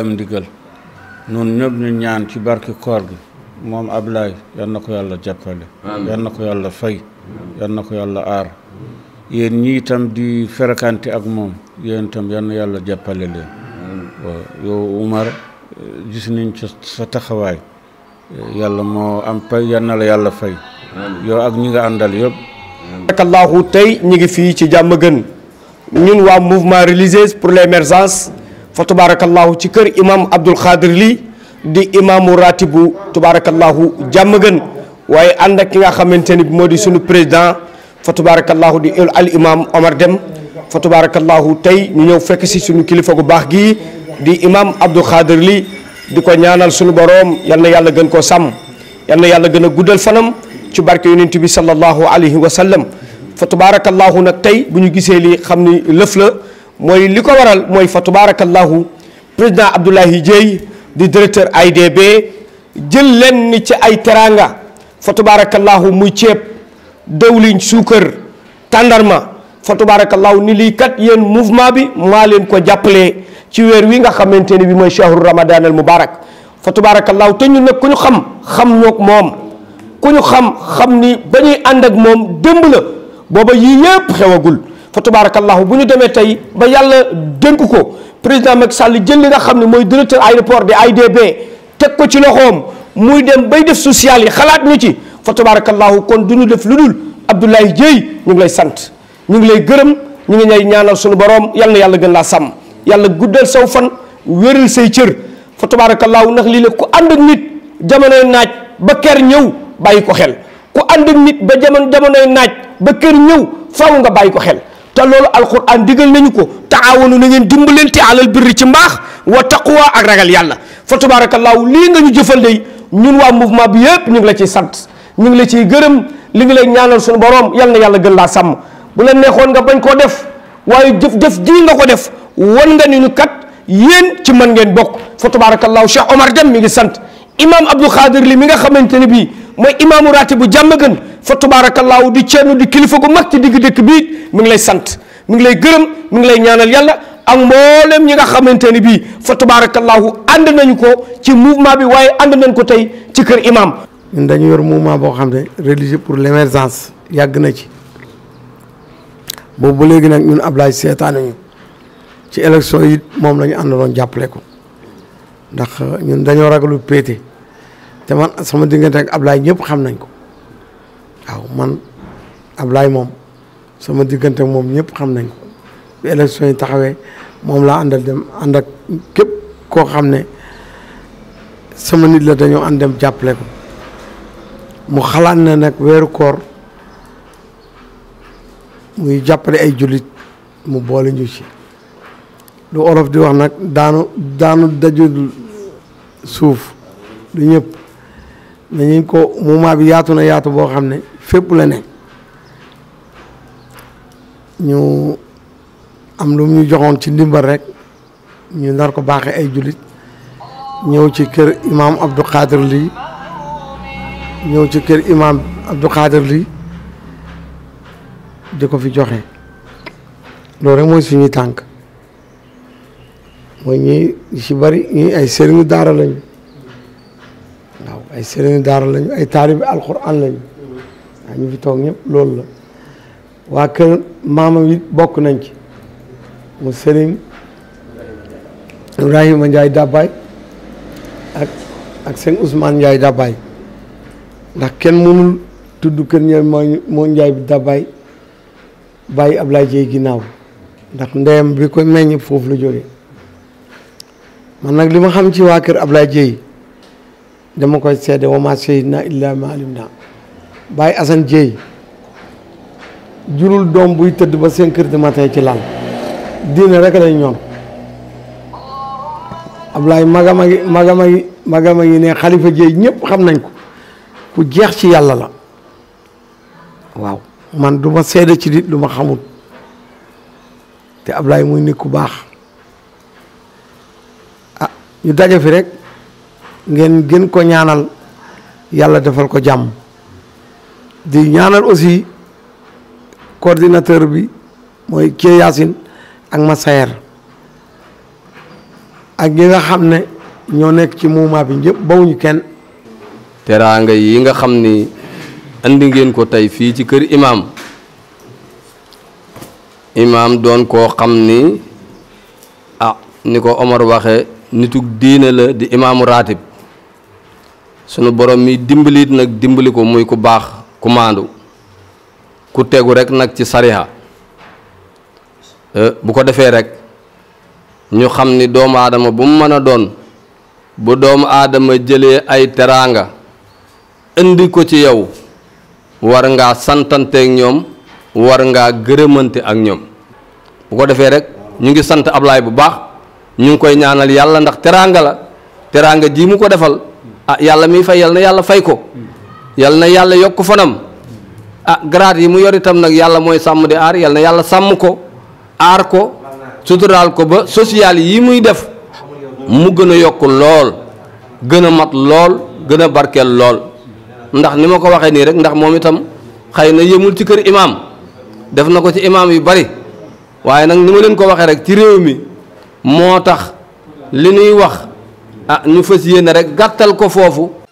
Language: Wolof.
am ndigal nun ñëpp ñu ñaan ci barki koor gi moom Ablaay yal na ko yàlla jàppale yal na ko yàlla fay yal na ko yàlla itam di ferekante ak moom yéen itam yal yàlla jàppale leen yow Umar gis nañ sa taxawaay yàlla moo am pay yal na la yàlla fay yow ak ñi nga àndal yëpp barakallahu tey ñi ngi fii ci jàmm gën ñun waa mouvement religieux pour l'émergence fa tabarakallahu ci kër imam Abdul Xaadir lii di imaamu ratibu tabarakallahu jàmm gën waaye ànd ak ki nga xamante ni moo di sunu président fa tabarakallahu di al imam Omar Dem fa tabarakallahu tey ñu ñëw fekk si suñu kilifa gu baax gii di imaam Abdul Xaadir lii di ko ñaanal sunu boroom yal na yàlla gën koo sàmm yal na yàlla gën a guddal fanam ci barke yonent bi sallallahu alayhi wa sallam fa tabarakallahu nag tey bu ñu gisee lii xam ni lëf la mooy li ko waral mooy fa tabarakallahu président Abdoulaye Dieye di directeur AIBD jël leen ni ci ay teranga fa tabarakallahu mu ceeb dëwlin suukar tàndarma fa tabarakallahu ni lii kat yéen mouvement bi maa leen ko jàppale ci weer wi nga xamante ne bi mooy shahru ramadan al mubarak fa tabarakallahu te ñu nag ku ñu xam xam ñoog moom ku ñu xam xam ni ba ñuy ànd ak moom démb la booba yii yépp xewagul fa tabarakallahu bu ñu demee tey ba yàlla dénk ko président Macky Sall jël li nga xam ne mooy directeur aéroport de AIBD teg ko ci loxoom muy dem bay def social yi xalaat ñu ci fa tabarakallahu kon du ñu def lu dul Abdoulaye Dieye ñu ngi lay sant ñu ngi lay gërëm ñu ngi lay ñaanal suñu borom yal na yàlla gën laa sàmm yàlla guddal saw fan wéral say cër fa tabarakallahu ndax lii la ku ànd ak nit jamonoy naaj ba ker ñëw bàyyi ko xel ku ànd ak nit ba jamono jamonoy naaj ba kër ñëw faaw nga bàyyi ko xel te loolu alquran digal nañu ko taawanu na ngeen dimbalante alal birri ci mbaax wa taqwa ak ragal yàlla fa tabaarakallaahu lii nga ñu jëfal day ñun waa ma bi yëpp ñu ngi la ciy sant ñu ngi la ciy gërëm li ngi lay ñaanal suñu boroom yal na yàlla gën laa sàmm bu la neexoon nga bañ koo def waaye jëf jëf ji nga ko def wan nga ni ñu kat yéen ci mën ngeen bokk fa tabaarakallaahu Cheikh Omar Dem mi ngi sant imam Abdou Khadir li mi nga xamante ne bii mooy imaamu raati bu jàmm fa tubaarakallaahu di cenn di kilifa gu mag ci digg dëkk bii mu ngi lay sant mu ngi lay gërëm mu ngi lay ñaanal yàlla ak mboolem ñi nga xamante ni bii fa tubaarakallaahu ànd nañu ko ci mouvement bi waaye ànd nañ ko tey ci kër imam ñun dañu yor mouvement boo xam ne religieux pour l' yàgg na ci boobu ba léegi nag ñun Ablaye seetaane ñu ci élection yi moom lañu ñu àndaloon jàppale ko ndax ñun dañoo ragalu péete te man sama diggante ak Ablaye ñëpp xam nañ ko waaw man Ablaye moom sama diggante moom ñëpp xam nañ ko bi élection yi taxawee moom laa àndal dem ànd ak képp koo xam ne sama nit la dañoo ànd dem jàppale ko mu xalaat na nekk weeru koor muy jàppale ay jullit mu boole ñu ci lu olof di wax nag daanu daanu dajul suuf du ñëpp dañuy ko mouvement bi yaatu na yaatu boo xam ne fépp la ne ñu am lu ñu joxoon ci ndimbal rek ñu nar ko baaxe ay jullit ñëw ci kër imaam Abdou Khadir lii ñëw ci kër imaam Abdou Khadir lii di ko fi joxe loolu rek mooy suñuy tànk mooy ñi ci bari ñi ay sëriñu daara lañu ay sëriñu daara lañu ay taalibi alxuraan lañu waaw ñu fi toog ñëpp loolu la waa kër maamam yi bokk nañ ci mu sëriñ Ibrahima Ndiaye Dabbaay ak ak sëñ Ousmane Ndiaye Dabbaay ndax kenn mënul tudd kër ñooy moo moo Ndiaye bi Dabbaay bàyyi Ablaye Dieye ginnaaw ndax ndeyam bi ko meññ foofu la jógee man nag li ma xam ci waa kër Ablaye Dieye dama koy seede wa maa shahidnaa illaa maa alimnaa Baye jurul doom buy tëdd ba cinq heures ci lal diine rek lañ ñoom Ablaye magama gi magama gi magama gi ne Khalifa Dieye ñëpp xam nañ ko ku jeex ci yàlla la waaw man du seede ci nit lu ma xamul te Ablaye muy nit ku baax ah ñu daje rek ngeen gën ko ñaanal yàlla defal ko jàmm di ñaanal aussi coordinateur bi mooy Kie Yacine ak Massaer ak ñi nga xam ne ñoo nekk ci mouvement bi ñëpp bawuñu kenn teraanga yi nga xam ni andi ngeen ko tey fii ci kër imaam imaam doon koo xam ni ah ni ko Omar waxe nituk diine la di imaamu raatib sunu borom mi dimbalit nag dimbali ko muy ku baax ku maandu ku tegu rek nag ci sariha eh, bu ko defee rek ñu xam ni doomu aadama bu mu mën a doon bu doomu aadama jëlee ay teraanga indi ko ci yow war ngaa santanteek ñoom war ngaa gërëmante ak ñoom bu ko defee rek ñu ngi sant Ablaay bu baax ñu ngi koy ñaanal yàlla ndax teraanga la teraanga ji mu ko defal ah yàlla miy fay yal na yàlla fay ko yal na yàlla yokk fanam a ah, grade yi mu yor itam nag yàlla mooy sàmm di aar na yàlla sàmm ko aar ko suturaal ko ba social yi muy def mu gën a yokk lool gën a mat lool gën a barkeel lool ndax ni ma ko waxee nii rek ndax moom itam xëy na yëmul ci kër imaam def na ko ci imaam yu bari waaye nag ni ma leen ko waxee rek ci réew mi moo tax li nuy wax ah ñu fas yéene rek gàttal ko foofu